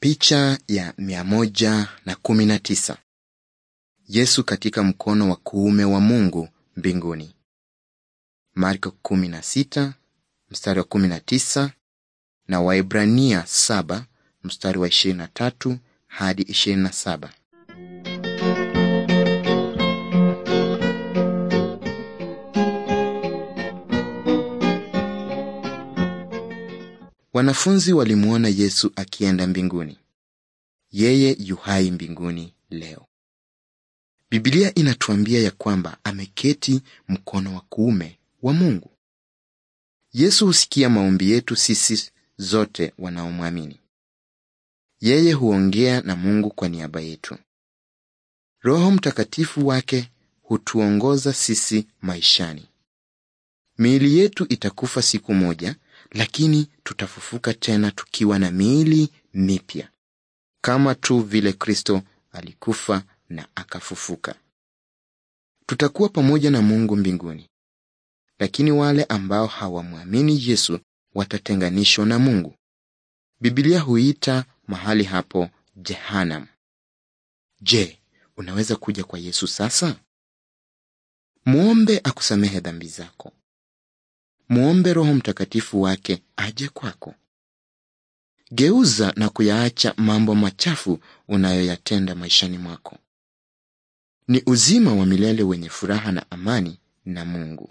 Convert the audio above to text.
Picha ya 119 Yesu katika mkono wa kuume wa Mungu mbinguni. Marko 16 mstari wa 19 na Waebrania 7 mstari wa 23 hadi 27. Wanafunzi walimwona Yesu akienda mbinguni. Yeye yuhai mbinguni leo. Biblia inatuambia ya kwamba ameketi mkono wa kuume wa Mungu. Yesu husikia maombi yetu sisi zote wanaomwamini. Yeye huongea na Mungu kwa niaba yetu. Roho Mtakatifu wake hutuongoza sisi maishani. Miili yetu itakufa siku moja lakini tutafufuka tena tukiwa na miili mipya, kama tu vile Kristo alikufa na akafufuka. Tutakuwa pamoja na Mungu mbinguni, lakini wale ambao hawamwamini Yesu watatenganishwa na Mungu. Biblia huita mahali hapo Jehanam. Je, unaweza kuja kwa Yesu sasa? Muombe akusamehe dhambi zako mwombe Roho Mtakatifu wake aje kwako. Geuza na kuyaacha mambo machafu unayoyatenda maishani mwako. Ni uzima wa milele wenye furaha na amani na Mungu.